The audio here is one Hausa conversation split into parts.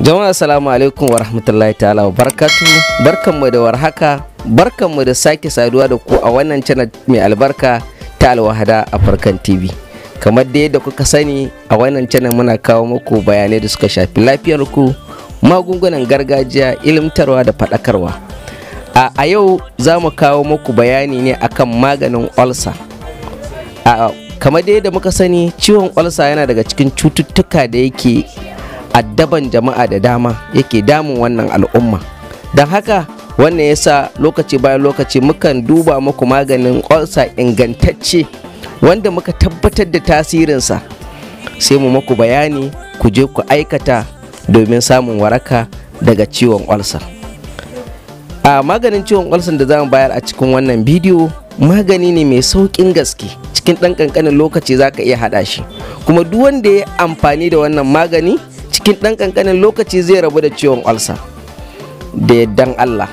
jama'a assalamu alaikum wa rahmatullahi ta'ala wa barkatu barkanmu da warhaka barkanmu da sake saduwa da ku a wannan channel mai albarka ta alwahada a farkan tv kamar da yadda kuka sani a wannan channel muna kawo muku bayanai da suka shafi lafiyar ku magungunan gargajiya ilimtarwa da faɗakarwa a yau za mu kawo muku bayani ne akan maganin olsa kamar da yadda muka sani ciwon olsa yana daga cikin cututtuka da yake addaban jama'a da dama yake damun wannan al'umma don haka wannan yasa lokaci bayan lokaci mukan duba muku maganin ƙwarsa ingantacce wanda muka tabbatar da tasirinsa sai mu muku bayani ku je ku aikata domin samun waraka daga ciwon ulcer a maganin ciwon ulcer da zamu bayar a cikin wannan bidiyo magani ne mai sauƙin gaske cikin ɗan ƙanƙanin lokaci za ka iya haɗa shi kuma duk wanda ya amfani da wannan magani cikin dan ƙanƙanin lokaci zai rabu da ciwon ulcer da yaddan Allah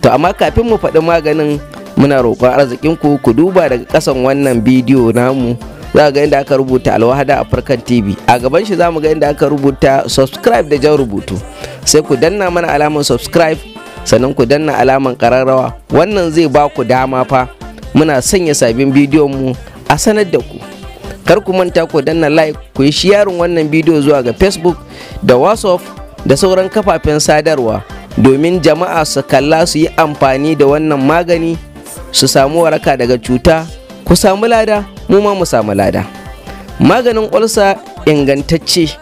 to amma kafin mu faɗi maganin muna roƙon arzikin ku ku duba daga ƙasan wannan bidiyo namu za ga inda aka rubuta alwahada afirkan tv a gaban shi za mu ga inda aka rubuta subscribe da jan rubutu sai ku danna mana alamar subscribe sannan ku danna alamar ƙararrawa. wannan zai ba ku dama fa muna sanya sabbin bidiyon mu a sanar da ku kar ku manta ku danna like ku yi sharing wannan bidiyo zuwa ga facebook da whatsapp da sauran kafafen sadarwa domin jama'a su kalla su yi amfani da wannan magani su samu waraka daga cuta ku samu lada mu ma mu samu lada maganin ulsa ingantacce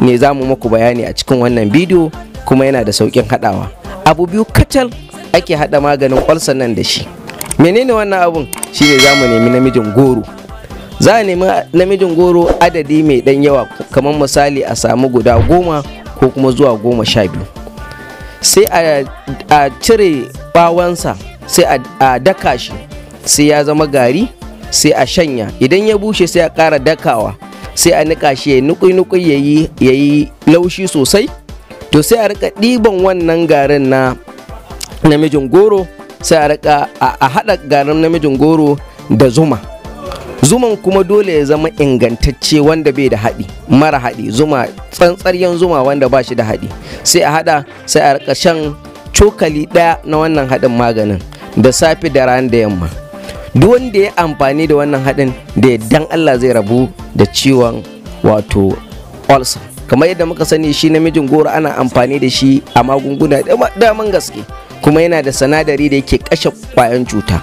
ne za mu muku bayani a cikin wannan bidiyo kuma yana da sauƙin haɗawa abu biyu kacal ake haɗa maganin ulsa nan da shi menene wannan abun shine za mu nemi namijin goro za a nemi namijin goro adadi mai dan yawa kamar misali a samu guda goma ko kuma zuwa goma sha biyu sai a cire bawansa sai a daka shi sai ya zama gari sai a shanya idan ya bushe sai a ƙara dakawa sai a niƙa shi ya nukui-nukui ya yi laushi sosai to sai a rika ɗiban wannan garin na namijin goro sai a rika a haɗa garin namijin goro da zuma zuman kuma dole ya zama ingantacce wanda bai da haɗi mara haɗi zuma tsantsaryen zuma wanda ba shi da haɗi sai a haɗa sai a rika cokali ɗaya na wannan haɗin maganin da safe da ran da yamma duk wanda ya amfani da wannan haɗin da yaddan Allah zai rabu da ciwon wato ulcer kamar yadda muka sani shi namijin goro ana amfani da shi a magunguna daman gaske kuma yana da sanadari da yake kashe kwayan cuta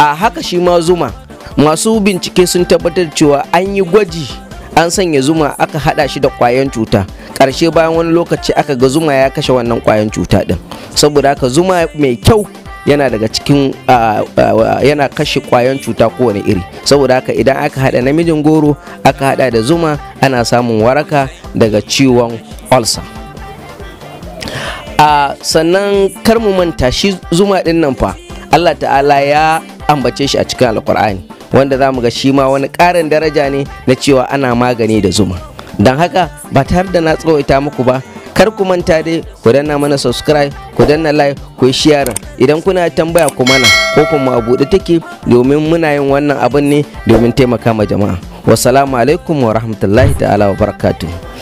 a haka shi ma zuma masu bincike sun tabbatar cewa an yi gwaji an sanya zuma aka hada shi da kwayan cuta ƙarshe bayan wani lokaci aka ga zuma ya kashe wannan kwayan cuta din saboda haka zuma mai kyau yana daga cikin yana kashe kwayan cuta kowane iri saboda haka idan aka hada namijin goro aka hada da zuma ana samun waraka daga ciwon olsa a sannan kar mu manta shi zuma din nan fa Allah ta'ala ya ambace shi a cikin alkur'ani wanda za mu ga shi ma wani karin daraja ne na cewa ana magani da zuma don haka ba tare da na tsawaita muku ba kar ku manta dai ku danna mana subscribe ku danna like ku share idan kuna tambaya ku mana ko kuma a buɗe take domin muna yin wannan abin ne domin taimaka ma jama'a wassalamu alaikum wa rahmatullahi ta'ala wa barakatuh